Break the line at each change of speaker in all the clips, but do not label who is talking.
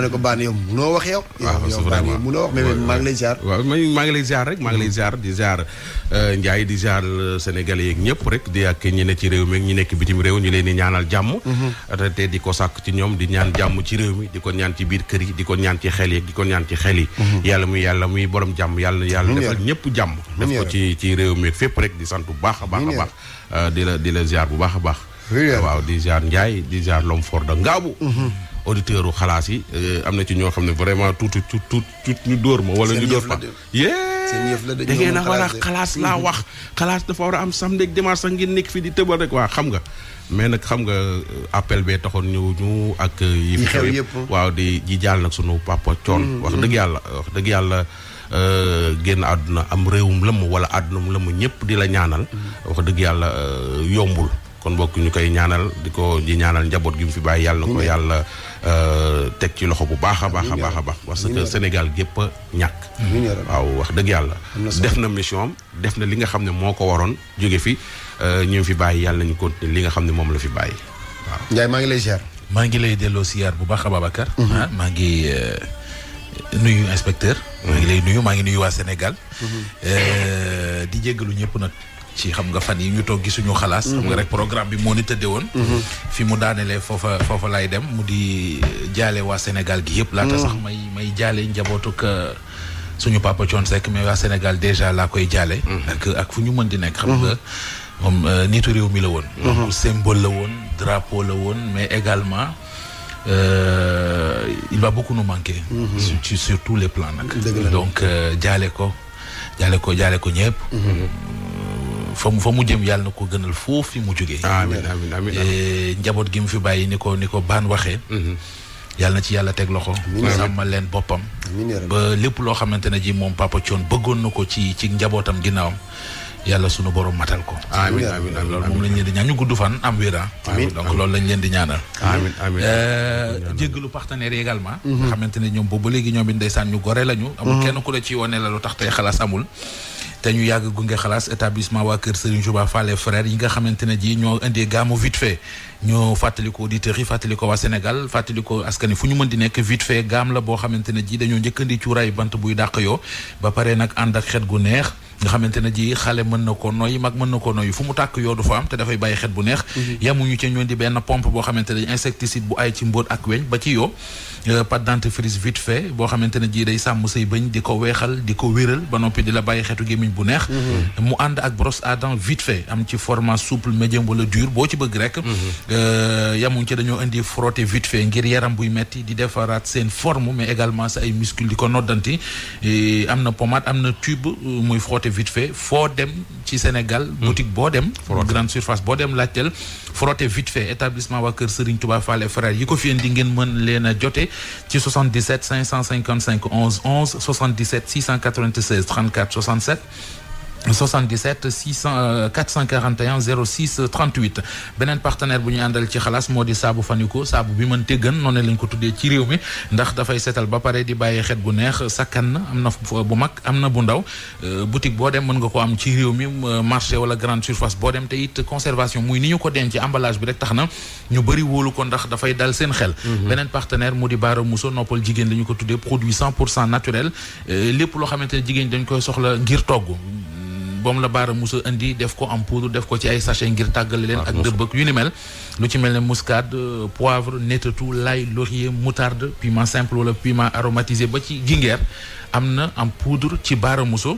ma ne ko baan yow munoo wax yow.
waaw yow baan yow munoo wax mais di ziar euh, Ndiaye di ziar euh, Sénégalais yeeg ñëpp rek di ak ñi ci réew mi ak ñi nekk bitim réew ñu leen di ñaanal jàmm. Mm-hmm. te di ko sàkk ci ñoom di ñaan jàmm ci réew mi di ko ñaan ci biir kër yi di ko ñaan ci xel yi di ko ñaan ci xel yi. Mm-hmm. yàlla muy yàlla muy borom jàmm yàlla yàlla defal ñëpp jàmm. def ko ci ci réew mi fépp rek di sant bu baax a baax a euh, di la di la ziar bu baax a baax. waaw di ziar Ndiaye di ziar l'homme fort de Ngaabu mm-hmm. auditeur u xalaas yi euh, am na ci ñoo xam ne vraiment tuuti tuut tuut ñu dóor ma wala ñu dóor ma yée da ngeen a war a xalaas laa wax xalaas dafa war a am samedi ak dimanche sax ngeen nekk fii di tëbal rek waa xam nga mais nag xam nga euh, appel bee taxoon ñëw ñu ak euh, yi fi xew yëpp waaw di ji jàll nag sunu papa coon mm, wax mm. dëgg yàlla wax dëgg yàlla génn àdduna am réewum lëmm wala la lëmm ñëpp di la ñaanal mm. wax dëgg yàlla yombul kon bokk ñu koy ñaanal di ko di ñaanal njaboot gi mu fi bàyyi yàlla na ko yàlla euh, teg ci loxo bu baax a baax a baax a baax parce que Sénégal gépp ñàkk waaw wax dëgg yàlla def na mission def na li nga xam ne moo ko waroon jóge fi euh, ñu fi bàyyi yàlla nañu continuer li nga xam ne moom la fi bàyyi waaw Ndiaye maa ngi lay ziar maa ngi lay delloo ziar bu baax a Babacar mhm. ah, maa ngi euh, nuyu inspecteur maa ngi mhm. lay nuyu maa ngi nuyu waa Sénégal mhm. di jéggalu ñëpp nag ci xam nga fan yi ñu toog gisuñu xalaas. xam nga rek programme bi moo ni tëdde woon. Mhm. fi mu daanelee foofa foofa laay dem mu di jaale waa Sénégal gi yëpp. laata mhm. sax may may jaale suñu papa Thione Seck mais waa Sénégal déjà laa koy jaale. Mhm. ak fu ñu mën di nekk. xam nga moom euh, nitu réew mi la woon. donc la woon drapeau la woon mais également. Euh, il va beaucoup nous manquer. Mm les plans nag. donc euh, jaale ko jaale ko jaale ko ñëpp. fa mu fa mu jëm yàlla na ko gënal foofu fi mu jógee. amiin amiin amiin eh, njaboot gi mu fi bàyyi ni ko ni ko baan waxee. Mm-hmm. yàlla na ci yàlla teg loxo. sàmmal leen boppam. lépp loo xamante ne ji moom papa Thion bëggoon na ko ci ci njabootam ginnaawam. yàlla sunu borom matal ko. amiin amiin amiin loolu moom lañ leen di ñaan ñu gudd fan am wéra ah. donc loolu lañ leen di ñaanal. amiin amiin eh, jéggalu partenaires yi également. Mm-hmm. nga xamante ne ñoom boobu ba léegi ñoom it ndeysaan ñu gore lañu. amul mm-hmm. kenn ku la ci wane la lu tax tey xalaas amul. te ñu yàgg gunge xalaas établissement waa kër Serigne Touba Fallé frère yi nga xamante ne ji ñoo indee gaamu vite fait ñoo fàttali ko auditeurs yi fàttali ko waa Sénégal fàttali ko askan fu ñu mën di nekk vite fait gaam la boo xamante ne ji dañoo njëkkandi cuuraayu bant buy dàq yoo ba pare nag ànd ak xet gu neex nga xamante ne ji xale mën na ko noy mag mën na ko noy fu mu tàkk yoo du fa am te dafay bàyyi xet bu neex mhm. yamuñu ci ñoon di benn pompe boo xamant ne insecticide bu ay ci ak weñ ba ci yoo Euh, pâte dentifrice vite fait boo xamante ne jii day sàmm say bëñ di ko weexal di ko wéral ba noppi di la bàyyi xeetu gémmiñ bu neex mm-hmm. mu ànd ak brosse à dents vite fait am ci format souple médium wala dur boo ci bëgg rek mm-hmm. euh, yamuñ ci dañoo indi frotter vite fait ngir yaram buy metti di defaraat seen forme mais également sa ay muscles di ko noddanti am na pommade am na tube euh, muy frotter vite fait foo dem ci Sénégal mm. boutique boo dem grande surface boo dem laajteel frotter vite fait établissement waa kër Serigne Touba Fall frère yi ko fi indi ngeen mën leen a jote ci 77 555 11 11 77 696 34 67 77 600 441 06 38 beneen partenaire bu ñu àndal ci xalaas moo di saabu Fanico saabu bi mën te gën noonu lañ ko tuddee ci réew mi ndax dafay setal ba pare di bàyyi xet bu neex sakkan na am na bu mag am na bu ndaw euh, boutique boo dem mën nga ko am ci réew mi euh, marché wala grande surface boo dem te it conservation muy ni ñu ko denc emballage bi rek tax na ñu bëri wóolu ko ndax dafay dal seen xel. Mhm. beneen partenaire mu di Baara musoo noppal jigéen la ko tuddee produit 100 pour cent naturel euh, lépp loo xamante ne jigéen dañ koy soxla ngir togg. boom la baara musa indi def ko am poudre def ko ci ay sachet ngir tàggale leen ak ah, dëbb ak yu ni lu ci mel ne muscade poivre nettetu l'ail laurier moutarde piment simple wala piment aromatisé ba ci gingembre am na en poudre ci baaramuso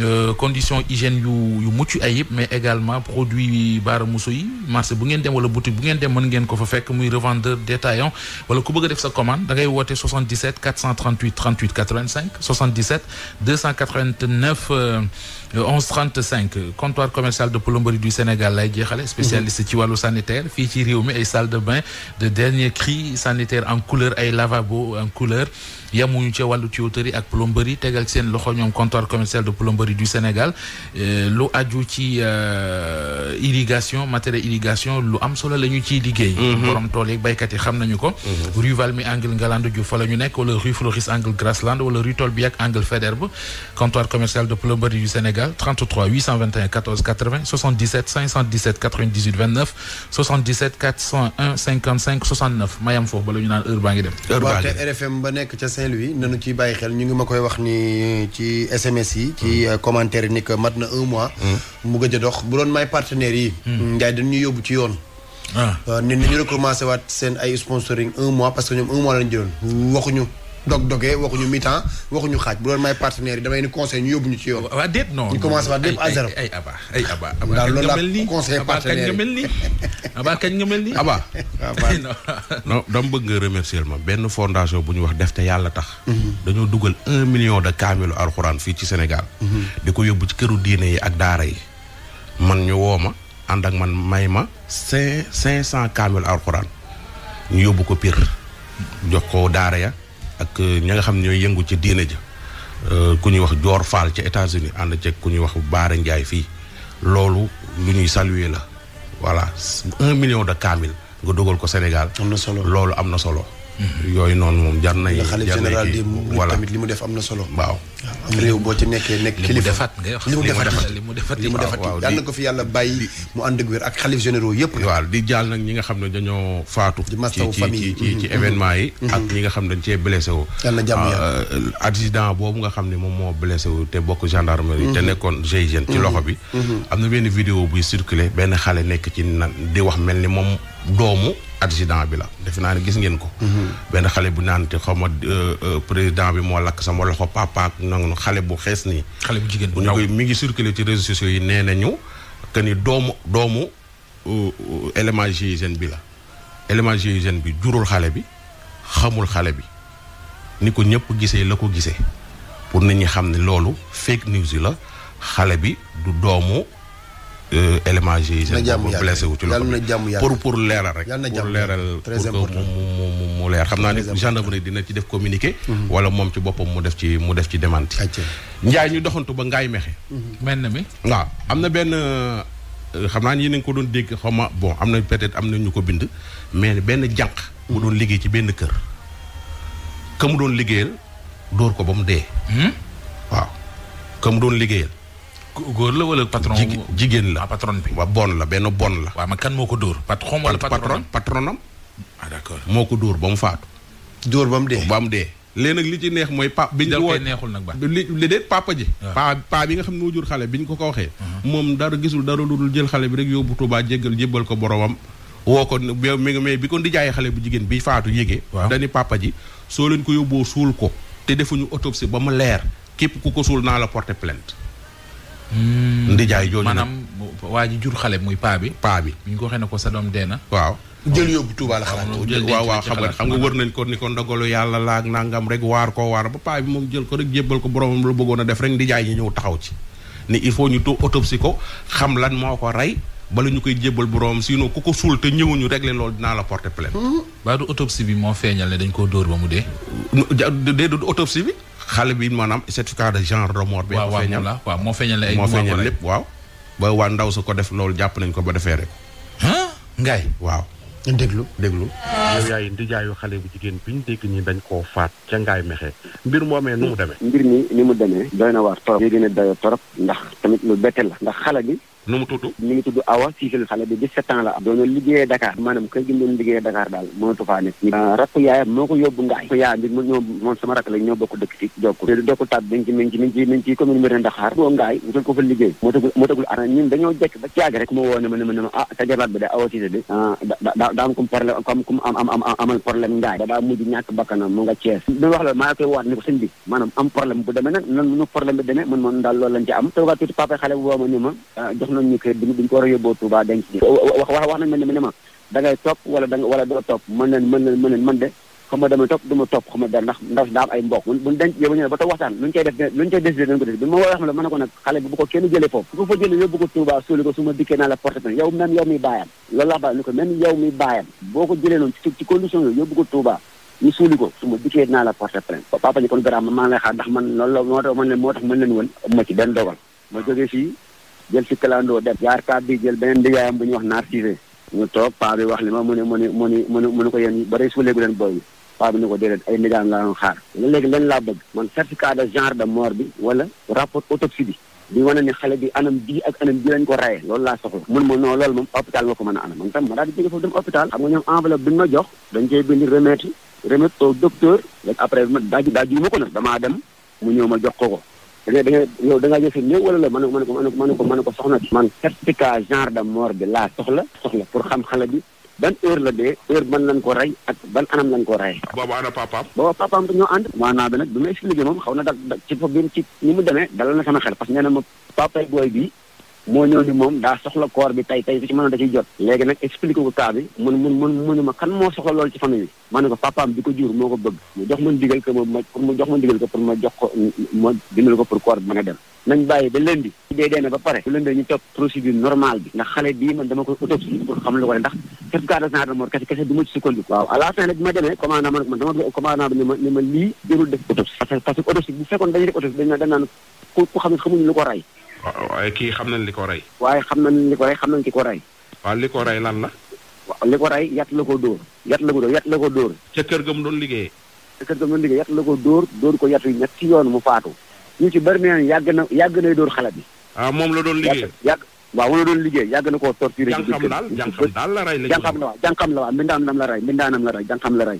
euh, condition hygiène yu yu mucc ayib mais également produit baaramuso yi marché bu ngeen dem wala boutique bu ngeen dem mën ngeen ko fa fekk muy revendeur détaillant wala ku bëgg a def sa commande da ngay woote 77 438 38 85 77 289 11 35 comptoir commercial de plomberie du Sénégal lay jeexale spécialiste ci wàllu sanitaire fii ci ci réew mi ay salle de bain de dernier cri sanitaire en couleur ay lavabo en couleur yemuñu ca wàllu tuyauterie ak plomberie tegal seen loxo ñoom comptoir commercial de plomberie du Sénégal euh, lu aju ci euh, irrigation matériel irrigation lu am solo la ñu liggéey. Mhm. borom tool yeeg béykat xam nañu ko. Mhm. rue Valmy angle Ngalandou Diouf fa la nekk wala rue Floris angle Grasland wala rue Tolbiac angle Faidherbe comptoir commercial de plomberie du Sénégal 33 821 foofu ba naan heure baa ngi dem. heure
ba nekk ca Saint-Louis nañu ciy bàyyi xel ñu ngi ma koy wax ni ci SMS yi. ci mm. euh, commentaire yi ni que mat na un mois. Mm. mu gëj a dox bu doon may partenaires yi. Mm. Ndiaye dañu ñuy yóbbu ci yoon. ah euh, nit ñi ñu recommencé waat seen ay sponsoring un mois parce que ñoom un mois lañ jëloon waxuñu. dog dogee waxuñu mi-temps waxuñu xaaj bu doon may partenaires yi damay ni conseil ñu yóbbu ñu ci yoon. waaw déet non ñu commencé waat déet à zéro ay
aba ay aba daal loolu laa conseil mel nii nga mel nii aba non dama bëgg nga remercier ma benn fondation bu ñu wax def te yàlla tax mhm. dañoo dugal un million de kaamilu alxuraan fii ci senegal mhm. di ko yóbbu ci këru diine yi ak daara yi man ñu woo ma ànd ak man may ma cinq cinq cent kaamilu alxuraan ñu yóbbu ko piir jox ko daara ya ak ña nga xam ñooy yëngu ci diine ja euh, ku ñuy wax joor Fall ci États-Unis ànd ceeg ku ñuy wax Baara njaay fii loolu lu ñuy saluer la voilà un million de kaamil nga dugal ko Sénégal. am na solo loolu am na solo. yooyu noonu moom jar nañu. jar nañu xalif général di tamit
li mu def na solo. waaw am réew boo ci nekkee nekk kilifa li mu defat li mu defat li mu defat yal na ko
fi yàlla bàyyi mu ànd ak wér ak yëpp. di jaal nag ñi nga xam ne dañoo faatu. ci ci ci mm-hmm. événement yi. Mm-hmm. ak ñi nga xam ne dañ cee blessé wu. yal na jàmm yàlla euh, accident boobu nga xam ne moom moo blessé wu te bokk gendarmerie. te mm-hmm. nekkoon GIGN ci loxo bi. am na benn vidéo buy circulé benn xale nekk ci nan di wax mel ni moom doomu adjudant bi la defe naa ne gis ngeen ko. Mhm. benn xale bu naan te xaw ma euh, euh, président bi moo lakk sama loxo papa ak nangu xale bu xees nii. xale bu jigéen bu ñu koy mi ngi circulé ci réseaux sociaux yi nee nañu que ni doomu doomu euh, élément GIGN bi la. élément GIGN bi jurul xale bi xamul xale bi ni ko ñëpp gisee la ko gisee pour nit ñi xam ne loolu fake news yi la xale bi du doomu. Euh, élément GIE. na jàmm yàlla blessé wu ci loolu pour pour leeral rek. yàlla na jàmm yàlla très important pour leeral pour mu mu leer xam naa ne gendarmerie dina ci def communiqué. Mhm. wala moom ci boppam mu def ci mu def ci démenti. njaay ñu doxantu ba ngaay mexe. Mhm. mel na waaw am na benn euh, xam naa ni yéen ko doon dégg xaw ma bon am na peut-être am na ñu ko bind mais benn jànq. mu doon liggéey ci benn kër. ka mu doon liggéeyal dóor ko ba mu dee.
Hmm? waaw
ka mu doon liggéeyal. góor la wala patron. jigéen la ah, patron bi. waaw bon la benn bon la. waaw ma kan moo ko dóor. patron wala patron patronam. ah d'accord moo ko dóor ba mu faatu. dóor ba mu dee ba mu dee. léegi nag li ci neex mooy pap bi ñu woo neexul nag ba li li déet papa ji ah. pa bi nga xam ne moo jur xale bi ñu ko ko waxee uh-huh. moom dara gisul dara lu dul jël xale bi rek yóbbu Tuubaa jéggal jébbal ko boromam woo ko mi ngi mais bi ko di jaayee xale bu jigéen bi faatu yégee dañu papa ji soo leen ko yóbboo suul ko te defuñu autopsie ba mu leer képp ku ko suul naa la porter plainte Hmm. ndijaay jooju maanaam waa ji jur xale muy paa bi paa bi bu ñu ko waxee ne ko sa doom dee na waaw jël yóbbu Touba la xalaat waaw waaw xam nga xam nga wër nañ ko ni ko ndogalu yàlla laak nangam rek waar koo waar ba paa bi moom jël ko rek jébbal ko boromam la bëggoon a def rek ndijaay ñu ñëw taxaw ci ni il faut ñu to autopsie ko xam lan moo ko rey bala ñu koy jébbal boromam sinon ku ko suul te ñëwuñu régler loolu dinaa la porter plainte. baadu autopsie bi moo feeñal ne dañ koo dóor ba mu dee. déedéet autopsie bi. xale bi maanaam certificat de genre de mort bi. la waaw moo feeñal ay moo feeñal lépp waaw. ba waa ndaw su ko def loolu jàpp nañ ko ba defee rek. ngay waaw.
déglu déglu.
yow yaay ndijaayu xale bi jigéen bi ñu dégg ñi dañ koo faat
ca ngaay mexe mbir moomee nu mu demee. mbir mi ni mu demee. doy na waar torop. yéegi ne dayo torop ndax tamit lu bette la. ndax xale bi. nu mu ngi tudd Awa Cissé la xale bi 17 ans la am doon liggéeyee Dakar maanaam kër gi doon liggéeyee bi mu ñoo moom sama rakk la ci jokku te moo ko am tuuti papa xale bu woo ma ni ma ah, nañ ñu kayit duñ ko war a wax nañ ma ne ma da ngay topp wala da topp mën leen ma topp ma wax moo tax man leen woon ma ci benn dogal ma jógee fii jël si kalandoo dem yaar kaat bi jël beneen ndigaayam bu ñuy wax naar siise ñu toog paa bi wax li ma mu ne mu ne mu ne mu ne ko yéen ba su léegu ko déedéet ay ndigaayam laa doon xaar léegi leen laa bëgg man certificat de genre bi wala rapport autopsie bi di wane ne xale bi anam bii ak anam ko rayee loolu laa soxla mun ma non a anam man tam ma daal dem hôpital xam nga ñoom enveloppe bi ñu ma jox dañ koy bind remettre remettre au docteur après ma daaj daaj ma ko nag damaa dem mu ñëw ma jox ko ko da ngay da ngay yow da ngaa jël si néew wala la mën na ko mën na ko mën na ko soxna si. man certificat genre de mort bi laa soxla. soxla pour xam xale bi ban heure la dee heure ban lañ ko rey ak ban anam lañ ko rey. boobu ana papaam. boobu papaam ñoo ànd. maanaam bi nag bi ma expliqué moom xaw na da ci foofu ci ni mu demee dalal na sama xel parce nee na ma papay booy bii. moo ñëw ni moom daa soxla koor bi tey tey su ci mënoon da bi moo soxla loolu ci famille bi ma ne ko papaam bi ko man digal a dem nañ bàyyi ba lundi ko ne ndax ma demee commandant ma ko man dama commandant bi ni ma ni ma lii jërul def autopsie parce que parce que fekkoon dañuy def autopsie dañ naan ku xam ne xamuñu lu ko rey
waaye kii xam nañ li ko rey.
waaye xam na nañ li ko rey xam nañ ci ko rey. waaw li ko rey lan la. waaw li ko rey yat la ko dóor. yat la ko dóor yat la ko dóor. ca kër ga mu doon liggéeyee. ca kër ga mu doon liggéey yat la ko dóor dóor ko yatu ñett ci yoon mu faatu. ñu ci bari nee yàgg na yàgg nay dóor xale bi. ah moom la doon liggéey yàgg waaw moom la doon liggéey yàgg na ko torturé. jànqam daal jànqam daal la rey la jànqam la waaw jànqam la waaw mbindaanam la rey mbindaanam la rey jànqam la rey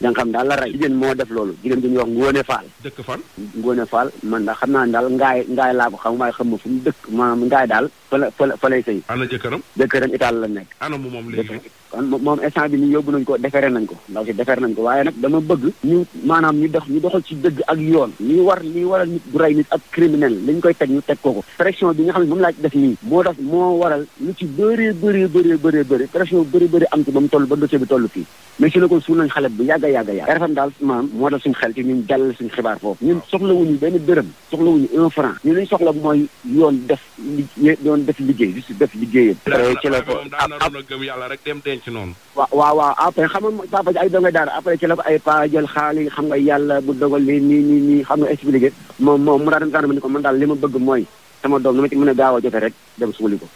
da nga xam daal la rey jigéen moo def loolu jigéen bi ñuy wax Ngone Fall dëkk fan Ngone Fall man ndax xam naa ne daal ngaay ngaay laa ko xam waaye xam ma fu mu dëkk maanaam ngaay daal fa la fa la fa lay sëy
ana jëkkëram jëkkëram Italie la nekk ana mu
moom léegi moom instant bi nii yóbbu nañ ko defere ko ndaw si defere nañ ko waaye nag dama bëgg ñu maanaam ñu dox ñu doxal ci dëgg yoon li war li waral koy teg ñu teg kooku pression bi xam ne moom laa ci def nii moo tax moo waral lu ci bëree bëree bëree bëree bëri pression bëri am ci ba mu toll ba dossier bi toll fii mais si la ko suul nañ xale bu yàgg yàgga yàgga yàgg RFM daal maam moo dal suñu xel ci ñun jàllale suñu xibaar foofu ñun soxlawuñu benn dërëm soxlawuñu un franc ñu liñ soxla mooy yoon def li yoon def liggéey juste def liggéeyam ci la ko
gëm yàlla rek dem
denc noonu
waaw waaw waaw après xam nga papa ji ay donga yàlla bu dogal nii nii nii xam nga expliqué moom moom mu daa dem gaana ma ni ko man daal li ma bëgg mooy sama doom na ma ci mën a gaaw a jote rek dem suuli ko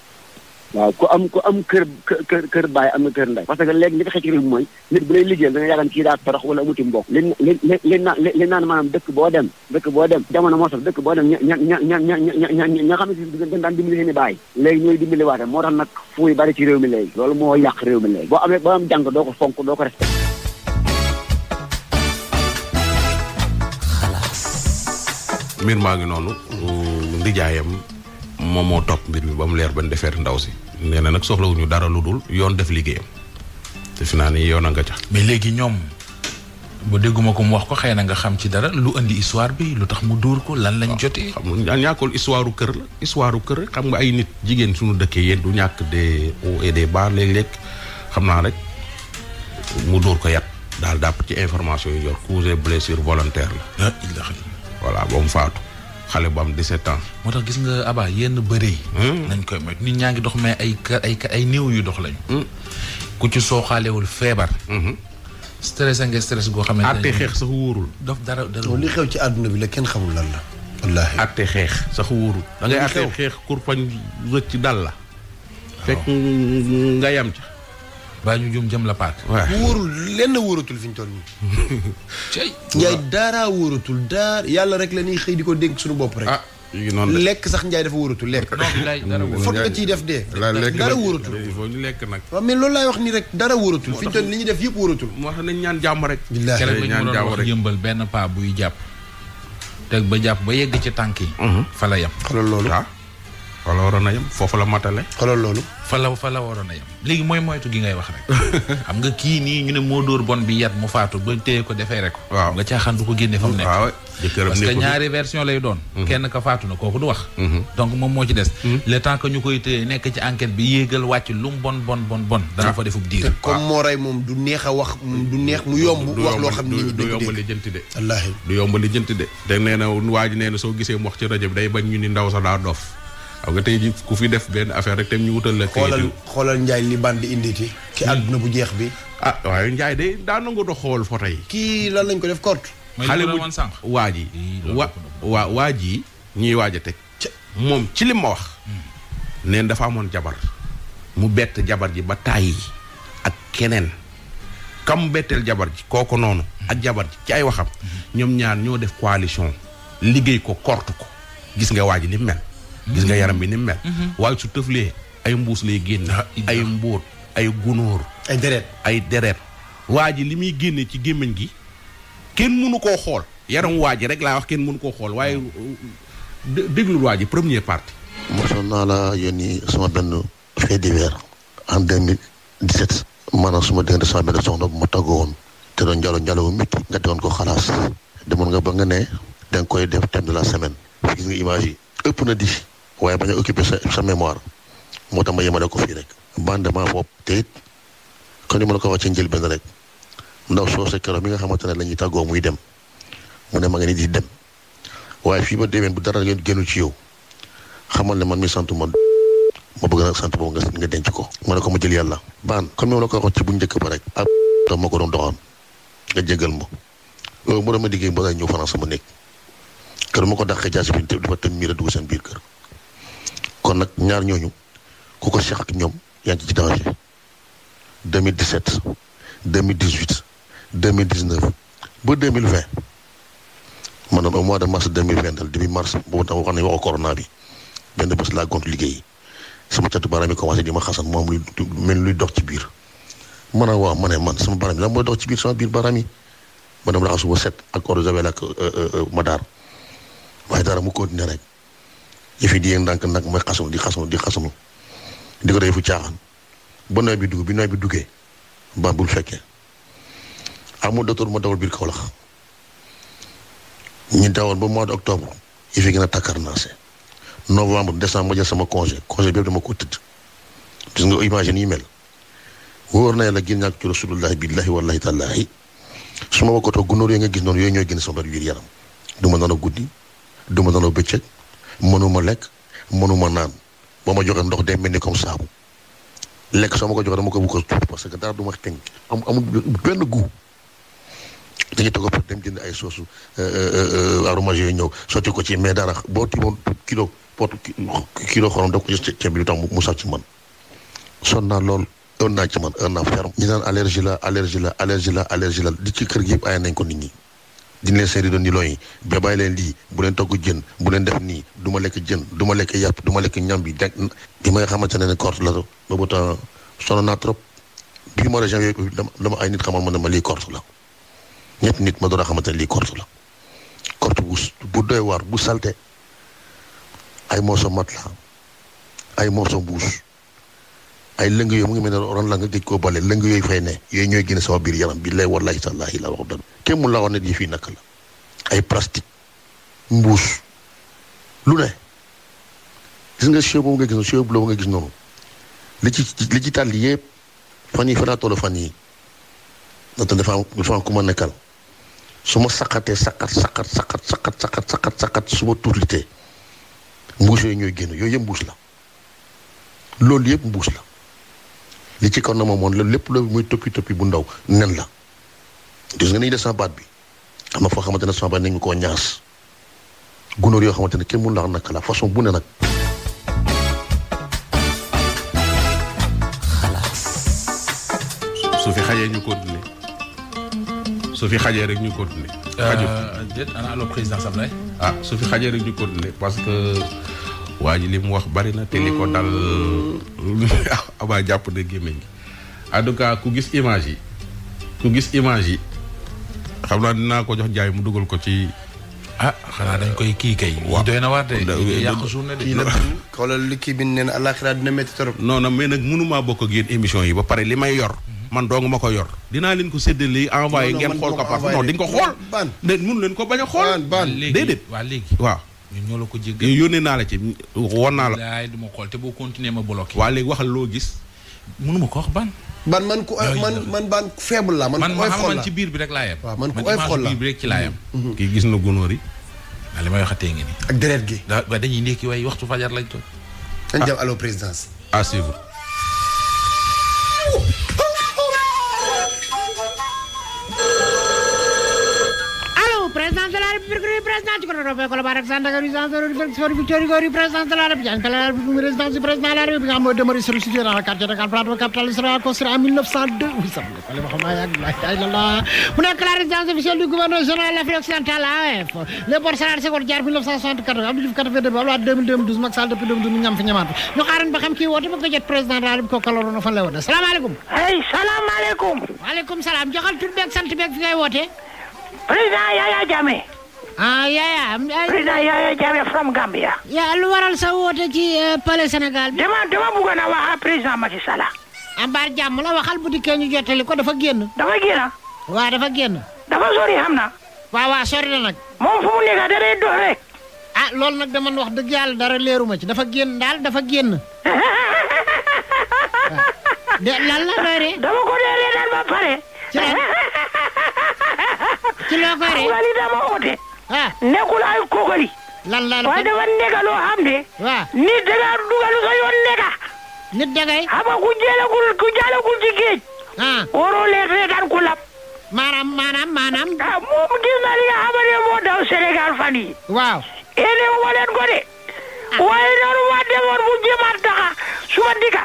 waaw ku am ku am kër kër kër baay am na kër ndey parce que léegi li tax ci réew mooy nit bu lay liggéeyal da nga yaakaar kii daa torox wala amuti mbokk li li li naan li naan maanaam dëkk boo dem dëkk boo dem jamono moo tax dëkk boo dem ña ña ña ña ña ña ña xam ne si daan dimbali seeni baay léegi ñooy dimbali waate moo tax nag fuuy bari ci réew mi léegi loolu moo yàq réew mi léegi boo amee boo am jàng doo ko fonk doo ko respecté
xalaas mbir maa ngi noonu ndijaayam moom moo topp mbir mi ba mu leer ba ñu defeer ndaw si nee na nag ñu dara lu dul yoon def liggéeyam defe naa ni yoon a nga ca. mais léegi ñoom bu dégguma ko mu wax ko xëy na nga xam ci dara lu indi histoire bi lu tax mu dóor ko lan lañ jotee. xam nga ñàkkul histoire kër la ay nit jigéen suñu dëkkee yéen du ñàkk des hauts et des bas xam naa rek mu dóor ko yat daal dàpp ci information yi yor cause blessure volontaire la. voilà ba mu faatu. xale bu am 17 ans. moo tax gis nga Aba yenn bëre yi. Hmm. nañ koy moytu nit ñaa ngi dox may ay kër ay ay néew yu dox lañ. Hmm. ku ci soo sooxaalewul feebar. Hmm. stress nga stress goo xamante ne. àtte xeex sax wóorul. daf dara dara
xew ci àdduna bi la kenn xamul lan la. wallaahi
àtte xeex sax wóorul. da ngay àtte xeex kurpañ rëcc dal la. fekk nga yam baa ñu jum jëm la paat paak. wóorul
lenn wóoratul fi ñu toll nii. cey
njaay daaraa yàlla rek la ñuy xëy di ko dénk suñu bopp rek. ah lekk sax njaay dafa wóoratul lekk. Mm, foog nga ci def dee. dara wóoratul il faut ñu lekk nag. waaw mais loolu laay wax nii rek dara wóoratul ñu li ñuy def yëpp wóoratul. wax nañ ñaan jàmm rek. billaahi ñaan jàmm rek yëmbal benn paa buy jàpp. teg ba jàpp ba yegg ci tànk yi. Mm-hmm. fa la yem. xoolal loolu ah. fa waroon a foofu la matale. xoolal loolu. fa la fa la waroon a yem léegi mooy moytu gi ngay wax rek. xam nga kii nii ñu ne moo dóor bon bi yat mu faatu ba téye ko defee rek. waaw nga caaxaan du ko génne fa mu nekk. waaw parce que lay doon. Mhm. kenn ka faatu na kooku du wax. Mhm. moom moo ci des. Mhm. le temps que ñu koy téye nekk ci enquête bi yéegal wàcc lu mu bon bon bon bon. dana ah. fa defub diir.
comme ah. moo rey moom du neex a wax du neex mu yomb. wax loo xam ni du yomb
li jënti de. wallaahi du yomb li jënti de. te nee na waa ji nee na soo gisee mu wax ci rajo bi day bañ ñu ni ndaw sa daa dof waaw nga tey ku fi def benn affaire rek tam ñu wutal la. xoolal xoolal Ndiaye li bandi inditi ci hmm. àdduna bu jeex bi. Ah, waaye Ndiaye de daan nangu doon xool yi. kii lan lañ ko def kort. xale bu waa ji wa waa ji ñuy waaj a teg. moom ci li ma wax. Hmm. neen dafa amoon jabar. mu bett jabar ji ba tàyyi ak keneen. kam betteel jabar ji kooku noonu. Hmm. ak jabar ji ci ay waxam. ñoom ñaar ñoo def coalition. liggéey ko kort ko. gis nga waa ji li mel. gis nga yaram bi ni mu mel. Mhm. waaye su tëflee ay mbuus lay génne. ay mbóot ay gunóor. ay deret waa ji li muy génne ci gémmiñ gi kenn mënu koo xool yaram waa ji rek laa wax kenn mënu koo xool waaye déglul waa ji premier partie.
mosoon naa la yónni sama benn fait divers en 2017. maanaam suma diggante sama benn soxna bu ma tàggoo woon te doon njalo njalo wu nga doon ko xalaas demoon nga ba nga ne da koy def thème de la semaine gis nga image yi ëpp na di waaye bañ a occuper sa sa mémoire moo tax ma yemale ko fii rek. bandement foofu te it kon ni ma la ko wax ci njëlbeen rek ndax soo sa keroog mi nga xamante ne la tàggoo muy dem mu ne ma nga ni di dem waaye fii ba déwén bu dara ngeen génnu ci yow xamal ne man mi sant ma ma bëgg nag sant boobu nga denc ko. ma ne ko ma jël yàlla. baan comme ni ma la ko waxoon ci bu njëkk ba rek. ab ma ko doon doxoon nga jégal ma loolu mu doon ma liggéey ba ñëw France ma nekk kër ma ko dàqee jaasi bi ñu te dafa tënk miir a dugg seen biir kër. kon nag ñaar ñooñu ku ko seq ak ñoom yaa ngi ci danger 2017 2018 2019 ba 2020 maanaam au mois de mars 2020 dal début mars boobu tam wax nañu waxu corona bi benn bés laa gont liggéey sama catu baaraam yi commencé di ma xasan moom luy mel luy dox ci biir ma a waaw ma ne man sama baaraam yi lan mooy dox ci biir sama biir baaraam yi ma raxasu ba set ak eau de javel ak euh, euh, euh, madaar waaye dara mu continué rek. yëf yi di yéeg ndànk nag mooy xasanu di xasanu di xasanu di ko def fu caaxaan ba nawet bi dugg bi nawet bi duggee ba bul fekkee amul docteur ma dawal biir Kaolack ñu dawal ba mois d'octobre yëf yi gën a takkarnaase novembre décembre ma jël sama congé congé bépp dama ko tëdd gis nga imagine yi mel wóor na yàlla gën ñàkk ci rasulullahi billahi wallahi taalaahi su ma bokkatoo gunóor yooyu nga gis noonu yooyu ñooy gën sama biir yaram du ma nanoo guddi du ma mënuma lekk mënuma naan ba ma joxe ndox day mel ni comme saabu lekk soo ma ko joxe dama ko bëgg a tuur parce que dara du ma tënk am amul benn goût dañuy toog pour dem jënd ay soosu euh, euh, euh, aromage yooyu ñëw sotti ko ci mais dara boo tiimoon kilo pot kilo xorom da ko ci ceeb bi du tax mu sax ci man son naa lool un naa ci man un naa ferme ñu naan allergie la allergie la allergie la allergie la di ci kër gi yëpp ay nañ ko nit ñi di leen seeri doon di looy ba leen lii bu leen togg jën bu leen def nii duma lekk jën duma lekk yàpp duma lekk ñam bi deg di ma nga xamante ne ne korte la boobu temps sonn naa trop bii mois de janvier ay nit xamal ma ne ma lii korte la ñetti nit ma door a xamante ne lii korte la korte bu bu doy waar bu salte ay morceau la ay morceau mbuus ay lëng yooyu mu ngi mel la nga géej koo bale lëng yooyu fay ne yooyu ñooy génn sama biir yaram billahi wallahi tallahi la wax dëgg kenn mun laa wax ne yi fi naka la ay plastique mbuus lu ne gis nga cheveux boobu nga gis nga gis noonu li ci li ci tàll yëpp fan yi fanaa toll fan yi ndaxte dafa am dafa am ku ma nekkal su ma saqatee saqat saqat saqat saqat saqat saqat saqat su ma tuutlitee mbuus yooyu ñooy génn yooyu yëpp mbuus la loolu yëpp mbuus la li ci kaw na ma moon lépp loolu muy toppi toppi bu ndaw nen la gis nga ni de sama baat bi am na foo xamante ne sama baat nañu koo ñaas gunóor yoo xamante ne kenn mënu la wax naka la façon bu ne nag.
su fi xajee ñu continuer su xajee rek ñu continuer. xajul euh, déet a allo président Sablaye. Ah, su fi xajee rek ñu continuer parce que. waa ji li mu wax bari na. te li ko hmm. jàpp na gémmiñ gi en ku gis image yi gis image yi xam naa dinaa ko jox jaay mu dugal ko ci. ah xanaa dañ koy kii kay. waaw doy na waar de yàq xoolal li kii bi nee na àllaaxira dina métti trop. non non mais nag mënumaa bokk ak yéen émission yi ba pare li may yor. Mhm. man dong ma ko yor. dinaa leen ko séddale envoyé ngeen xool ko parce que non ko xool. ban de mënu leen a xool. léegi déedéet ñoo la ko jéggal yónnee naa la ci woon naa la. laay du ma xool te boo continuer ma bloqué. waa léegi waxal loo gis. mënuma ko wax ban. ban man ku man man ban faible la man. man man ci biir bi rek laa yem. man ku oy xool la biir bi rek ci laa mm-hmm. Mm-hmm. gis na gunóor yi. li may waxatee ngi nii. ak deret gi. dañuy nekki waaye waxtu fajar lañ toog. dañ jëm allo présidence. à
République président ci ko doon fay Colobane ak Sandaga résidence de Victoria résidence de la République la résidence du président de la République nga xam mooy demeuré sur situé dans le quartier de Dakar la capitale israélienne construit en 1902 oui sax nga xam maa yàgg laay la la mu nekk la résidence officielle du gouverneur général Afrique occidentale AOF les ports salariés Senghor Diar 1964 Abdou Diouf 82 Abdoulaye 2012 Macky Sall depuis 2012 ñu ngi am fi ñamaat ñu xaaran ba xam kii woote ba ko jot président de la République ko kaloroon fan la woon salaamaaleykum ay salaamaaleykum waaleykum salaam joxal tur beeg sant beeg fi ngay wootee président Yaya Jammeh ah yaaya am président Yaya Jammeh from Gambia. yaa lu waral sa woote ci uh, palais Sénégal bi. dama dama bëggoon a wax président Macky Sall. ambaar jàmm la waxal bu dikkee ñu jottali ko dafa génn. dafa génn. waaw dafa génn. dafa sori xam na. waaw waaw sori na nag. moom fu mu nekk da day dox rek. ah loolu nag dama wax dëgg yàlla dara leeruma ci dafa génn daal dafa génn. de lan la doy ree. dama ko dee ree ba pare. ci loo koy
ree. nekkul ay kookali. lan la la waaye dafa nekk loo xam ne. waaw nit da ngaa dugal sa yoon nekka. nit dangay. xam nga ku jëlagul ku jëlagul ci géej. ah waroo leen reetaan ku lab. maanaam maanaam maanaam. ah moom gis na li nga xam ne moo daw Sénégal fan yii. waaw. yéen a leen ko de. Ah. waaye noonu ma
demoon bu jéem a taxa su ma dikka.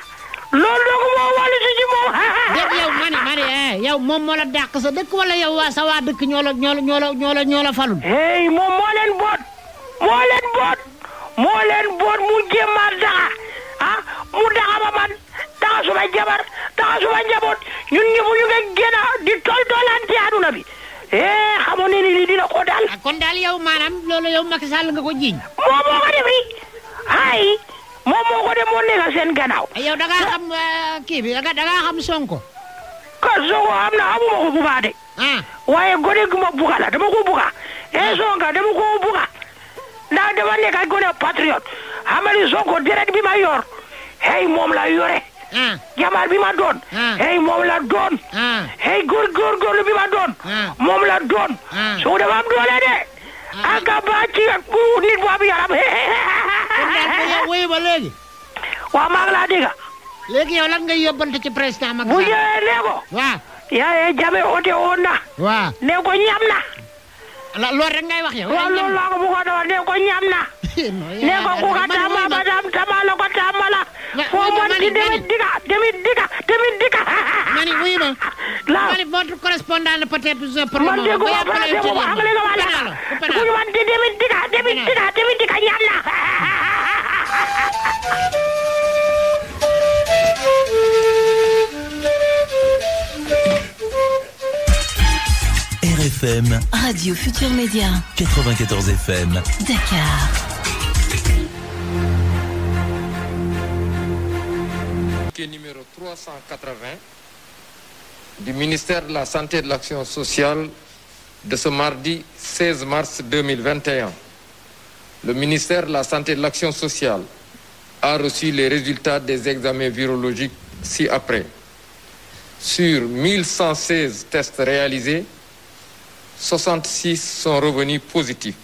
loolu doo ko moo wàllu si ci moom. dégg yow ma ne ma eh, moom moo la sa dëkk wala yow waa sa waa dëkk ñoo la ñoo la ñoo hey moom moo leen boot. moo mu jéem
a daxa ah mu daxa ba man daxa suma jabar daxa suma njaboot ñun ñëpp ñu ngi génn di tol tolante aduna bi. eh xamoon ne ni lii dina ko daal.
Ah, kon daal yow maanaam loolu yow Macky Sall nga ko jiiñ. moo moo ko def ay.
moom moo ko de moo nekk seen gannaaw.
Ah, yow da ngaa xam euh, kii bi da ngaa xam Sonko.
ka Sonko am na amuma ko buga de. Ah. waaye gone gi ma buga la dama ko buga. eh ah. Sonko dama ko buga. ndax dama nekk ak gone patriote. xamali Sonko deret bi ma yor. hey moom la yore. jamaar bi ma doon. hey moom la doon. hey góor góor góorlu bi ma doon. moom la doon. so dama am doole
de. akabaat ci ak ku nit bu yaram wuyu ba léegi. maa ngi laa dégg. léegi yow lan ngay ci président Macky Sall. bu ñëwee nee ko.
waaw. yaa ye nee ko ñam na. la loolu rek ngay wax yow. waaw bu ko doon nee ko ñam na. nee ko ku ka tama ba tam
tama la ko tama la. foo mën ci demit dika demit dika demit mani wuyu ma. laaw mani votre correspondant peut-être. man déggu ma man déggu ma xam nga li nga wax
la. wuyu man di demin dika demin dika demin dika ñaan na. RFM. Radio Futur Média.
94 FM.
Dakar.
numéro 380 du ministère de la Santé et de l'Action sociale de ce mardi 16 mars 2021. Le ministère la Santé l'Action sociale a les résultats des examens virologiques ci-après. Sur 1116 tests réalisés, 66 sont revenus positifs,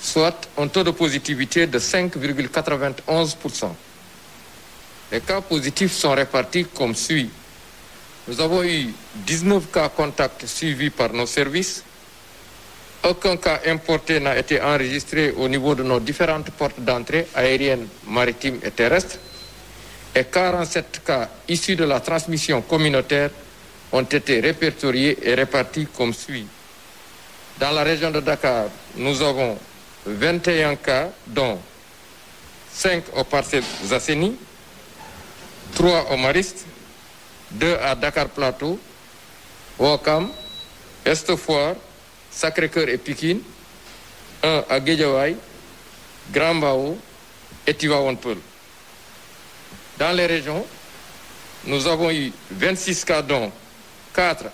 soit un taux de positivité de 5,91%. Les cas positifs sont répartis comme suit. Nous avons eu cas contacts suivis par nos services. Aucun cas n'a été enregistré au niveau de nos différentes portes d'entrée aériennes, maritimes et terrestres. Et 47 cas de la transmission communautaire ont été répertoriés et répartis comme Dans la région de Dakar, nous avons 21 cas, dont 5 aux parcelles deux à Dakar Plateau, Wakam, Estefoire, Sacré-Cœur et Pikine, un à Guédiawaye, Grand Mbao Dans les régions, nous avons eu 26 cas dont 4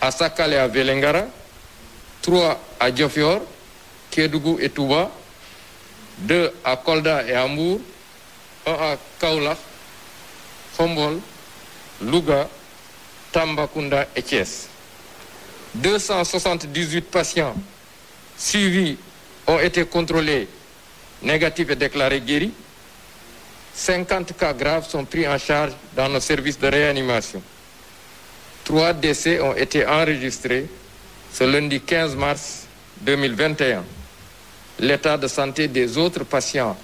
à Sakal et à Vélingara, à Diofior, Kédougou et Touba, à Kolda et Amour, à Kaolack, Khombol Louga Tambacounda et Thiès 278 patients suivis ont été contrôlés négatifs et déclarés guéris 50 cas graves sont pris en charge dans nos services de réanimation trois décès ont été enregistrés ce lundi 15 mars 2021 l'état de santé des autres patients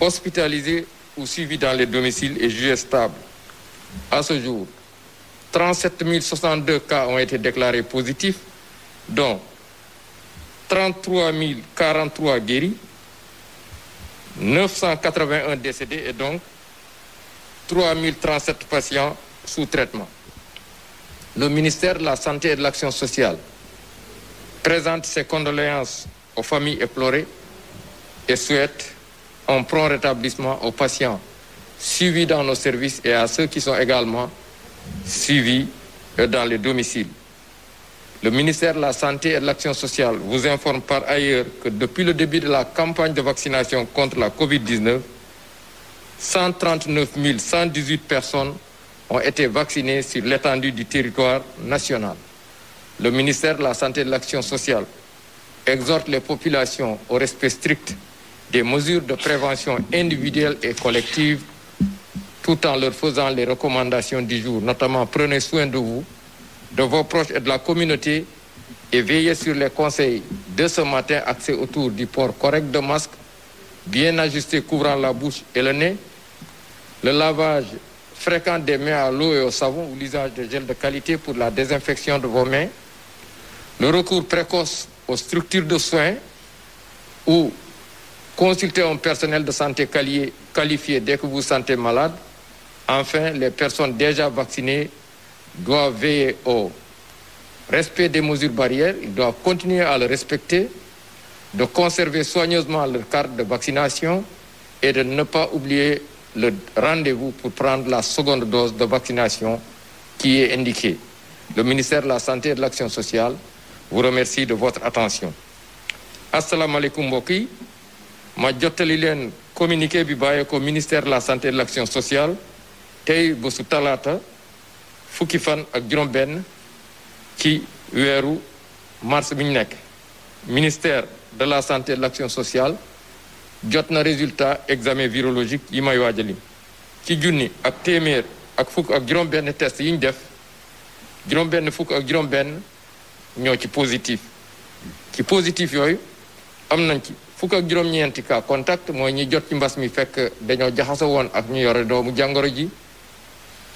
hospitalisés ou suivis dans les domiciles est jugé stable À ce jour, 37 062 cas ont été déclarés positifs, dont 33 043 guéris, 981 décédés et donc 3 037 patients sous traitement. Le ministère de la Santé et de sociale présente ses condoléances aux familles éplorées et souhaite un prompt rétablissement aux patients suivis dans nos services et à ceux qui euh, dans les domiciles. Le ministère la Santé l'Action sociale vous informe par ailleurs que depuis le début de la campagne de vaccination contre la COVID-19, 139 118 personnes ont été vaccinées sur l'étendue du territoire national. Le ministère la Santé l'Action sociale exhorte les populations au des mesures de prévention individuelle et collective tout en leur faisant les recommandations du jour, notamment prenez soin de vous, de vos proches et de la communauté et veillez sur les conseils de ce matin axés autour du port correct de masque, bien ajusté couvrant la bouche et le nez, le lavage fréquent des mains à l'eau et au savon ou l'usage de gel de qualité pour la désinfection de vos mains, le recours précoce aux structures de soins ou consulter un personnel de santé qualifié dès que vous sentez Enfin, les personnes déjà vaccinées doivent veiller au respect des mesures barrières, ils doivent continuer à le respecter, de conserver soigneusement leur carte de vaccination et de ne pas oublier le rendez-vous pour prendre la seconde dose de vaccination qui est indiquée. Le ministère de la Santé et de l'Action sociale vous remercie de votre attention. asalaamaaleykum mbokk yi ma jottali leen communiqué bi bàyyee ko ministère de la Santé et de l'Action sociale tey bésu talaata fukki fan ak juróom-benn ci weeru mars bi ñu nekk ministère de la santé de l'action sociale jot na résultat examen virologique yi may waaj a lim ci junni ak téeméer ak fukk ak juróom-benn test yi ñu def juróom-benn fukk ak juróom-benn ñoo ci positif ci positif yooyu am nañ ci fukk ak juróom-ñeenti cas contact mooy ñi jot ci mbas mi fekk dañoo jaxasoo woon ak ñu yore doomu jàngoro ji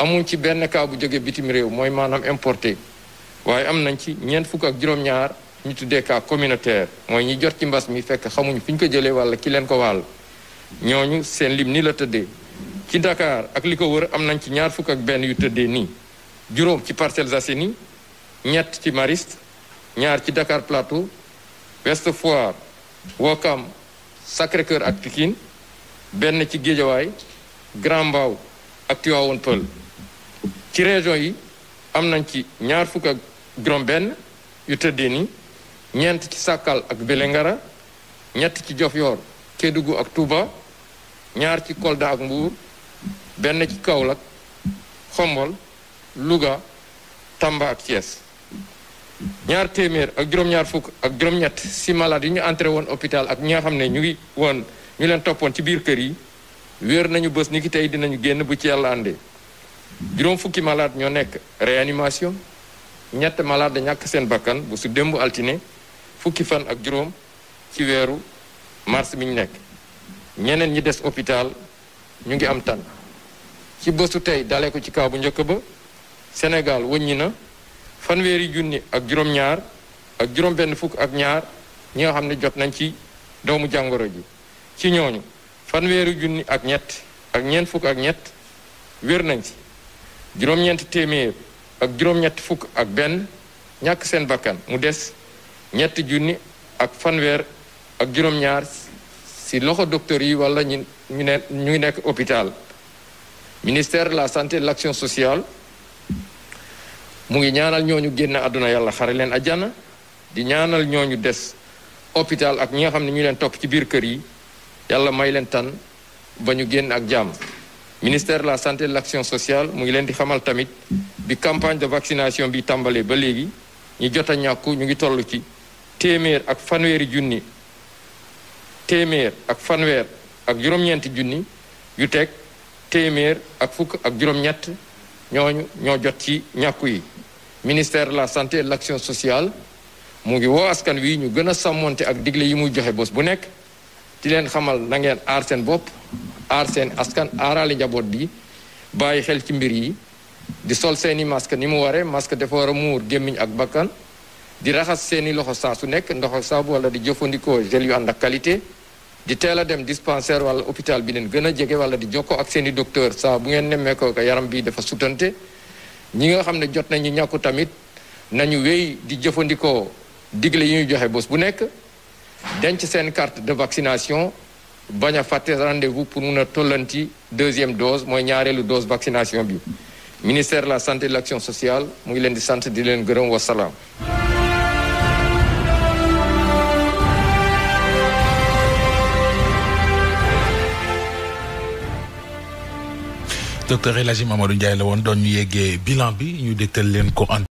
amuñ ci benn cas bu jóge bitim réew mooy maanaam importé waaye am nañ ci ñeent fukk ak juróom-ñaar ñu tuddee cas communautaire mooy ñi jot ci mbas mi fekk xamuñ fi ñu ko jëlee walla ki leen ko wàll ñooñu seen lim ni la tëddee ci ndakaar ak li ko wër am nañ ci ñaar fukk ak benn yu tëddee nii juróom ci parcelle Parcelles Assainies ñett ci Mariste ñaar ci Dakar Plateau Ouest Foire Ouakam Sacré-Cœur ak Pikine benn ci géejawaay Grand Mbao ak Tivaouane Peulh ci région yi am nañ ci ñaar fukk ak juróom-benn yu tëddee ni ñeent ci Sakal ak Belengara ñett ci Diofior Kédougou ak tuba ñaar ci Kolda ak Mbour benn ci Kaolack Xombol Louga Tamba ak Thiès ñaar téeméer ak juróom-ñaar fukk ak juróom-ñett si malade ñu entré woon hôpital ak ñi xam ne ñu ngi woon ñu leen toppoon ci biir kër yi wéer nañu bés ni ki tey dinañu génn bu ci yàlla àndee juróom fukki malade ñoo nekk réanimation ñett malade ñàkk seen bakkan bu su démb altine fukki fan ak juróom ci weeru mars bi ñu nekk ñeneen ñi des hôpital ñu ngi am tan ci bësu tey dale ko ci kaw bu njëkk ba Sénégal wëññi na fanweeri junni ak juróom-ñaar ak juróom fukk ak ñaar ñi nga xam ne jot nañ ci doomu jàngoro ji ci ñooñu fanweeri junni ak ñett ak ñeent fukk ak ñett wér nañ ci juróom-ñeenti téeméer ak juróom-ñetti fukk ak benn ñàkk seen bakkan mu des ñetti junni ak fanweer ak juróom-ñaar ci loxo docteur yi wala ñu ñu ne ñu nekk hôpital ministère la santé et de l'action sociale mu ngi ñaanal ñoo ñu génn àdduna yàlla xare leen àjjana di ñaanal ñoo ñu des hôpital ak ñi nga xam ne ñu leen topp ci biir kër yi yàlla may leen tan ba ñu génn ak jàmm ministère la santé de l'action sociale mu ngi leen di xamal tamit bi campagne de vaccination bi tàmbalee ba léegi ñu jot a ñàkku ñu ngi tollu ci téeméer ak fanweeri junni téeméer ak fanweer ak juróom-ñeenti junni yu teg téeméer ak fukk ak juróom-ñett ñooñu ñoo jot ci ñàkku yi ministère de la santé de l'action sociale mu ngi woo askan wi ñu gën a sàmmonte ak digle yi muy joxe bos bu nekk ci leen xamal na ngeen aar seen bopp aar seen askan aarale njaboot bi bàyyi xel ci mbir yi di sol seeni masque ni mu waree masque dafa war a muur gémmiñ ak bakkan di raxas seeni loxo saa su nekk ndoxo saabu wala di jëfandikoo gel yu ànd ak qualité di teel a dem dispensaire wala hôpital bi leen gën a jege wala di jokkoo ak seeni docteur saa bu ngeen nemmeekoo ko yaram bi dafa sutante ñi nga xam ne jot nañu ñàkku tamit nañu wéy di jëfandikoo digle yi ñu joxe bos bu nekk denc seen carte de vaccination bañ a fàtte rendez-vous pour mun a tollanti deuxième dose mooy ñaareelu dose vaccination bi ministère la santé de l'action sociale mu ngi leen di sant di leen gërëm wasalaam
docteur El Hadji Mamadou Ndiaye la woon doon ñu bilan bi ñu dégtal leen ko